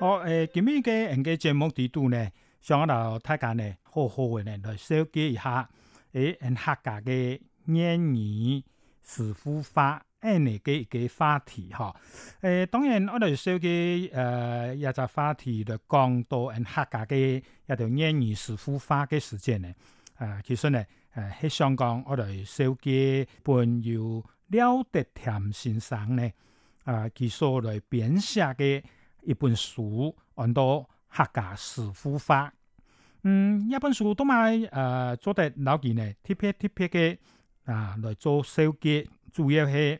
我、哦、誒、呃，今日嘅誒嘅節目度呢，想同大家呢，好好嘅呢，來小結一下誒，客、欸、家嘅諺語師父話誒呢嘅嘅話題哈。誒、欸，當然我哋小結誒，一隻話題就講到誒客家嘅一條諺語師父話嘅事件呢。啊、呃，其實呢誒喺香港我哋小結朋友廖德添先生呢，啊、呃，其數嚟編寫嘅。一本書按到客家師父話，嗯，一本書都買呃做啲老幾呢，撇撇撇的啊，來做小嘅，主要係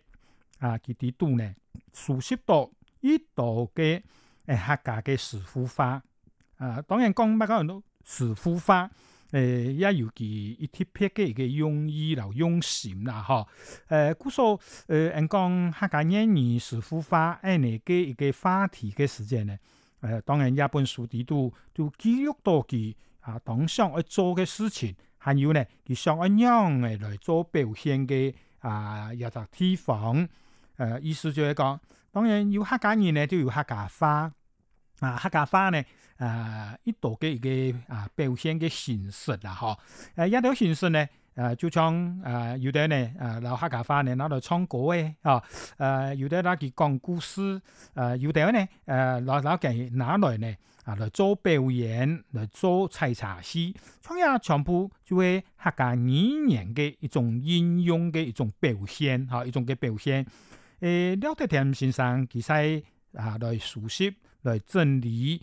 啊佢哋做呢熟悉到一道嘅誒客家的師父話，啊當然講個講都師父話。誒、呃、也有其特別撇嘅個用意啦，用心啦，嗬、呃！誒，故所誒，我講客家人呢是孵化，誒嚟個一個花期個時間咧。誒、呃，當然一本書都都記錄到佢啊，當上要做嘅事情，還有咧佢上阿娘嚟來做表現嘅啊一笪提防，誒、呃，意思就係講，當然有客家人咧都有客家話，啊客家話咧。啊、呃，一度給一個啊表現嘅形式啦，嗬，啊，一條形，、啊呃、形式呢，啊、呃，就將啊、呃，有的呢，啊、呃，老客家話呢攞嚟唱歌嘅，啊，誒有啲攞去講故事，誒有啲呢，誒攞攞件拿來呢，啊嚟做表演嚟做採茶戲，全部全部就係客家語言的一種應用的一種表現，吓、啊、一種的表現，誒、呃，廖德添先生其實啊嚟熟悉嚟整理。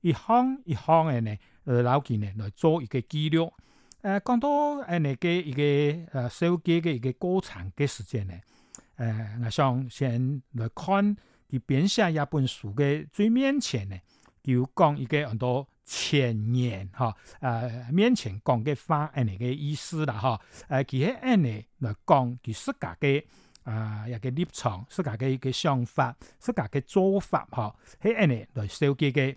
一行一行的呢？呃，老記呢，來做一個記錄。呃，講到誒，你嘅一個，一個呃，小記嘅一個過程嘅時間呢？呃，我想先來看佢編寫一本書的最面前呢，就講一個咁多前言，吓呃，面前講嘅話，誒，嘅意思啦，哈其其呃，誒，佢喺呢來講佢自家嘅啊一個立場，自家嘅一個想法，自家嘅做法，吓喺呢來小記嘅。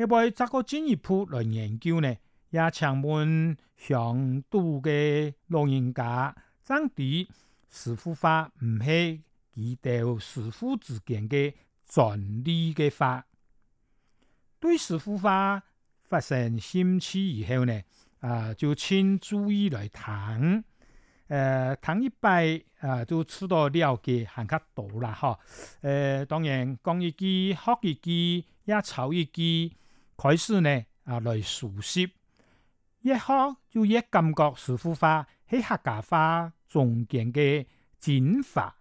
呢位作過進一步來研究呢，也請問上都的老人家，真地師父話唔係佢哋師父之間嘅專利嘅話，對師父話發生興趣以後呢，啊就請注意來談，誒、呃、談一擺啊就知道了解行得多啦，嗬，誒、呃、當然講一句，學一句，也抄一句。開始呢，啊，來熟悉，越學就越感覺是幅話喺客家話中間嘅精華”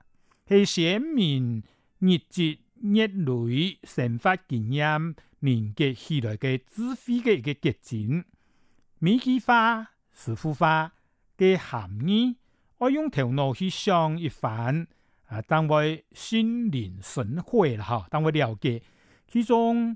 係寫明日積月累、成法經驗凝結起來嘅智慧嘅一個結“結晶。每支話、是幅話嘅含義，我用頭腦去想一番，啊，當我心領神會啦，哈、啊，當我了解其中。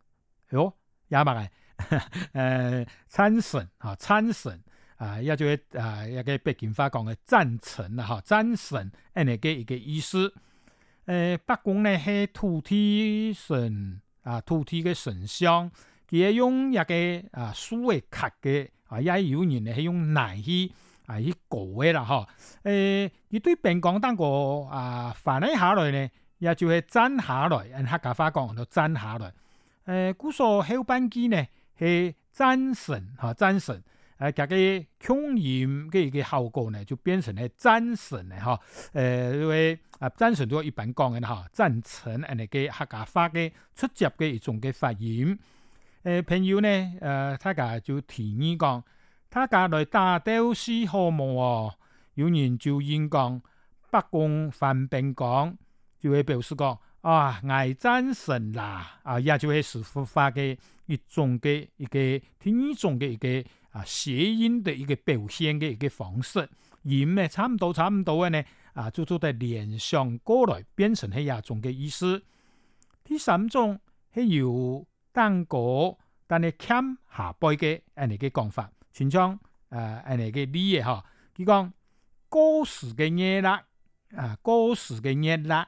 喲，亞媽個，誒、呃，參神，啊、哦，參神，啊、呃，也就是啊，一、呃、個北京話講的贊成啊，哈、哦，贊成，按那個一個意思。誒、呃，伯公呢是土地神，啊，土地嘅神像，佢係用一個啊，樹嘅殼嘅啊，也有人呢係用泥去啊去裹嘅啦，哈。誒，佢對邊講當個啊，翻起、哦呃啊、下來呢，也就是粘下來，按客家話講就粘下來。誒、呃，古說後半句呢係贊成吓，贊成，誒，個嘅抗炎嘅個效果呢就變成了贊成呢吓。誒、呃，因為啊，贊成都一般講嘅啦，贊成，誒，佢客家話嘅出閘嘅一種嘅發言。誒、呃，朋友呢，呃，他家就提議講，他家來打雕絲好無、哦，有人就應講伯公翻崩崗，就會表示講。啊，愛贊成啦！啊，也就是是發給一種嘅一個聽一種的一個啊諧音的一個表現的一個方式。音咧，差唔多，差唔多的呢。啊，就做得聯上過來，變成係亞種的意思。第三種係由單個，單一欠下背的誒嚟嘅講法，全講啊，誒嚟嘅啲嘢哈。佢講過時的熱力，啊，過時的熱力。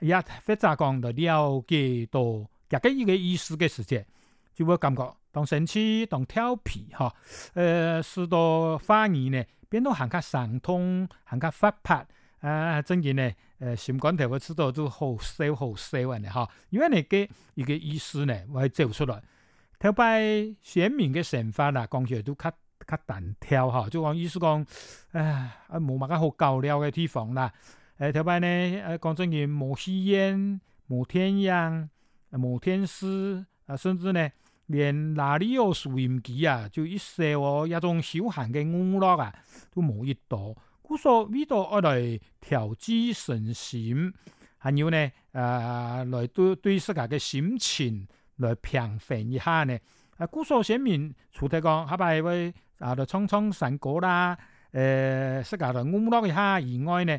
也，非咋講就了解多，夾緊一個意思嘅時節，就會感覺當生趣，當調皮，哈，呃，許到，花語呢，變到較暢通，較發達，啊，真嘅呢，誒、呃，心肝頭嘅諸多都好少好少嘅，哈，因為呢一個呢個意思呢，我走出來，特別鮮明嘅想法啦，講起來都較較單調，哈，就講意思講，唉，啊冇麼個好交流的地方啦。誒，頭擺呢？誒、啊、講真嘅，冇吸煙、冇天樣、冇天師，啊甚至呢連哪裏有收音機啊，就一些哦一種休閒的娛樂啊都冇一道。故所呢度愛來調劑身心，還有呢誒、啊、來對對自家的心情來平緩一下呢。故所先民，除咗講，係咪會啊？就唱唱山歌啦，誒、呃，自家度娛樂一下，以外呢？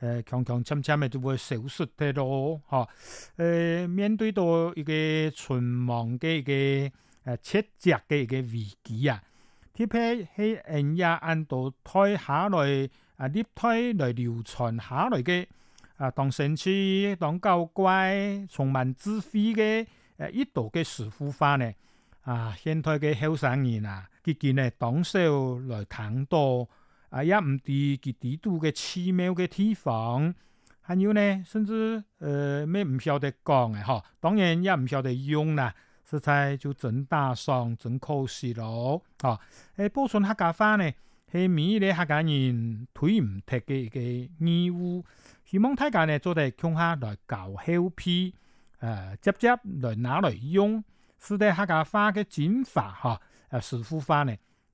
誒，強強親親咪就會消失嘅咯，吓！誒，面對到一個存亡嘅一個誒切直嘅嘅危機啊，特別喺廿廿度胎下來啊，胚胎嚟流傳下來嘅啊，當生趣當教乖充滿智慧嘅誒，一朵嘅師父話呢？啊，現代嘅後生人啊，佢哋呢，當少嚟睇多。也唔知佢地度嘅奇妙嘅地方，還有呢，甚至呃，咩唔曉得講嘅嗬，當然也唔曉得用啦。實在就真打傷，真可惜咯。嗬，喺保存客家話呢，係咪呢客家人推唔踢嘅個義務？希望大家呢做啲鄉下來教好片，呃，直接，接來拿來用，使得客家話嘅精華，嗬、啊，呃，師父話呢？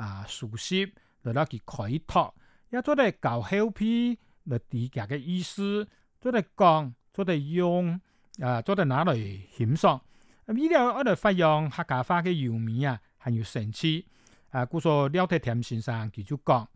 啊，熟悉落落佢開拓，要做啲教 helpful 落啲意思，做啲講，做啲用，啊，做啲拿來欣賞。那麼呢啲我哋發揚客家話的優美啊，很有成次。啊，故所廖德添先生佢就講，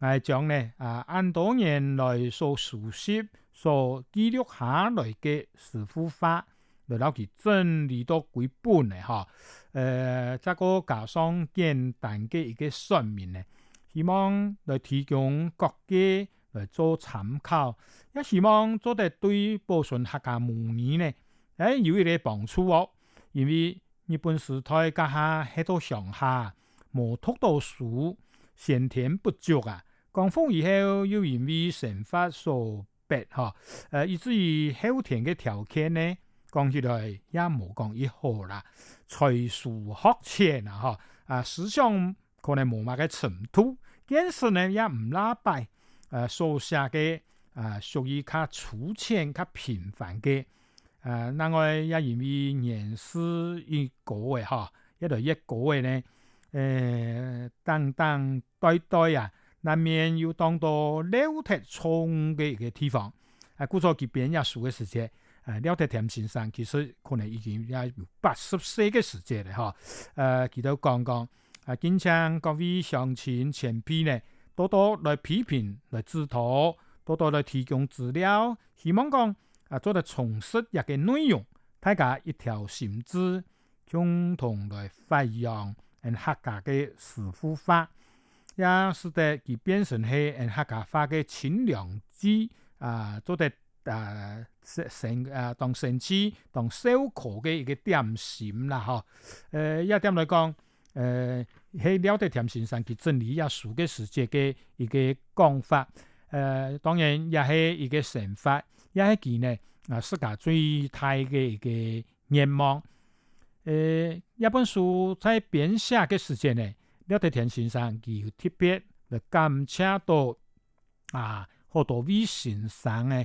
來講咧，啊，按多年來所熟悉，所記錄下來的師父話。就了解整理到幾本嘅，哈，呃，再個加上簡單嘅一個說明咧，希望嚟提供各界呃做參考，也希望做得對保存客家母語呃，係、欸、有一個幫助、哦。因為日本時代家下太多上下摩托倒數先天不足啊，光復以後又因為生活所逼，哈，呃，以至於後天嘅條件咧。講起來也冇講以後啦，才疏學淺啦。哈，啊思想可能冇乜嘅程度，見識呢也唔拉擺，啊，所寫嘅啊屬於較粗淺、較平凡嘅，啊，但、啊啊、我也認為認識一個嘅哈、啊，一嚟一個嘅呢，誒、呃，等等代代啊，難免要當到了脫充嘅一個地方，啊，故作改變一數嘅事情。誒、啊，廖德添先生其實可能已經也有八十歲嘅時節了。吓，呃，佢都講講，啊，兼請各位鄉親前輩呢，多多來批評來指導，多多來提供資料，希望講啊，做得充實一個內容，大家一條心知，共同來發揚，誒，客家的師父話，也是得佢變成去，誒，客家話的正能量之，啊，做得的。啊、呃，誒，成啊，當甚至當小可的一個點心啦，嗬。呃，一點來講，呃，喺廖德添先生佢整理也書嘅世界嘅一個講法，呃，當然也係一個想法，也係佢呢啊世界最大嘅一個願望。呃，一本書在編寫嘅時間呢，廖德添先生佢有特別，的感謝到啊，好多位先生呢。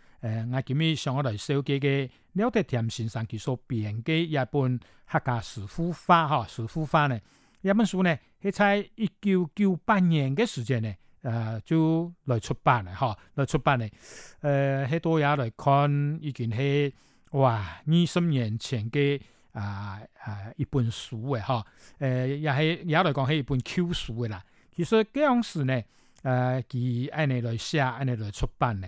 誒、呃，我今日想一來少集嘅廖德添先生，佢所編嘅一本客家師父話嗬，師父話咧，一本書呢喺在一九九八年嘅時間呢，呃就來出版的嗬、哦，來出版的，誒、呃，好多也來看，已經係哇，二十年前的、呃、啊啊一本書的嗬，誒、哦呃，也係也來講係一本舊書的啦。其實嗰樣事呢，呃佢按嚟來寫，按嚟來出版的。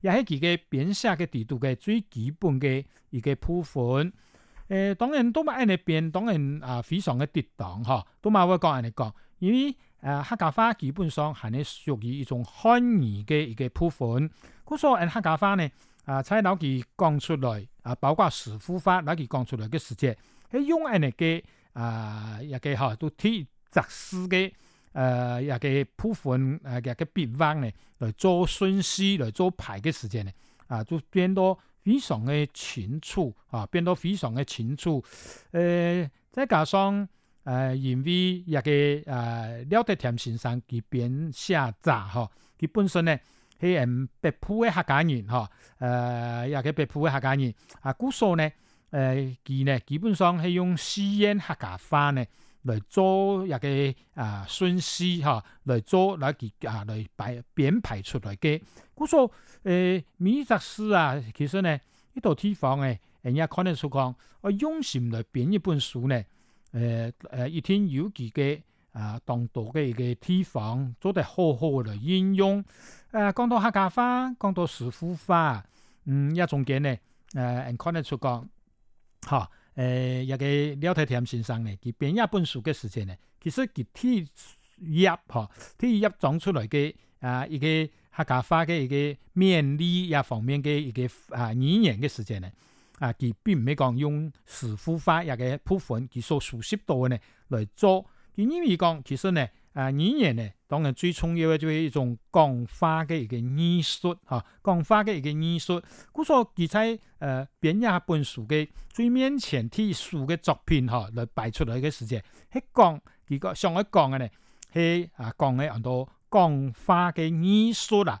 也係佢嘅辨識嘅地圖嘅最基本的一個部分，誒，當然都唔係呢邊，當然啊，非常嘅跌宕。吓、啊，都唔係我個因為、啊、客家話基本上係呢屬於一種漢語的一個部分，咁所以客家話呢，啊，睇到佢講出來，啊，包括師父話，睇佢講出來嘅時間，用個啊，一個吓都睇紮實也、呃、給、這個、部分，呃、啊，也給別屈咧，來做分析來做牌的事情呢，啊，就變到非常嘅清楚啊，變到非常嘅清楚。呃，再加上呃，因為也給呃廖德田先生佢變寫雜嚇，佢、哦、本身呢，係誒北埔嘅客家人嚇、哦，呃，也給北埔嘅客家人啊，故數呢，呃，佢呢，基本上係用四縣客家話呢。來做一個啊信息哈，來做嗱啲啊來排編排出嚟嘅。我講誒米達斯啊，其實呢呢道地方嘅，人也可能就講啊用心來編一本書呢。誒、呃、誒、啊，一天有幾個啊，當道嘅一個地方做得好好來應用。誒、啊，講到客家話，講到師父話，嗯，也種嘅呢，誒、呃，可能就講，吓。誒、呃，也個廖德添先生咧，佢編一本書嘅時間咧，其實佢天葉嗬，天葉長出來嘅啊，一個客家話，嘅一個面理一方面嘅一個啊語言嘅時間咧，啊佢、啊、並唔係講用師父話一個部分，佢所熟悉到嘅呢來做，就因為講其實咧。啊！語言呢當然最重要嘅就是一種講話嘅一個藝術哈，講話嘅一個藝術。咁所以呃誒，編一本書嘅最勉強睇書嘅作品哈，來、啊、擺出來嘅時就係講，如果上講嘅呢，係啊講嘅好多講話嘅藝術啦。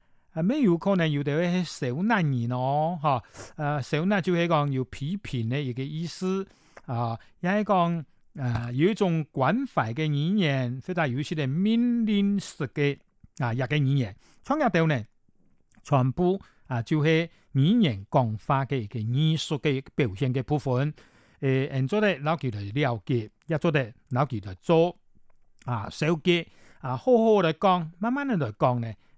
係、啊、沒有可能要的一些小難言哦，吓，誒、啊，小難就係講要批評嘅一個意思啊，也係講誒有一種關懷嘅語言，或者有些嘅命令式嘅啊，日嘅語言，全部都呢，全部啊就係、是、語言講法嘅一個藝術嘅表現嘅部分。誒、呃，做啲老橋嚟了解，又做啲老橋嚟做啊，小結啊，好好地講，慢慢地嚟講呢。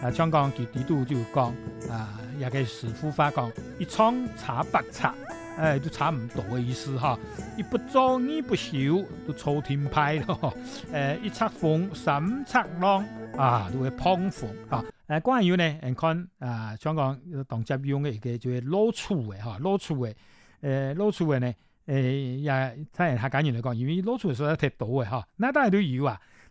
啊，香港佢啲都就講，啊，也係師傅發講，一窗查百查，誒、哎，都差唔多嘅意思哈，一不做二不休，都朝廷派咯，誒、哎，一尺風，三尺浪，啊，都會碰風啊，誒、啊，關於呢，嗯，看啊，香港當接用嘅一個就會老醋嘅，哈、啊，老醋嘅，誒、呃，老醋嘅、呃、呢，誒、呃，也睇下來講，因為老醋嘅實在太多嘅，哈、啊，那當然都有啊。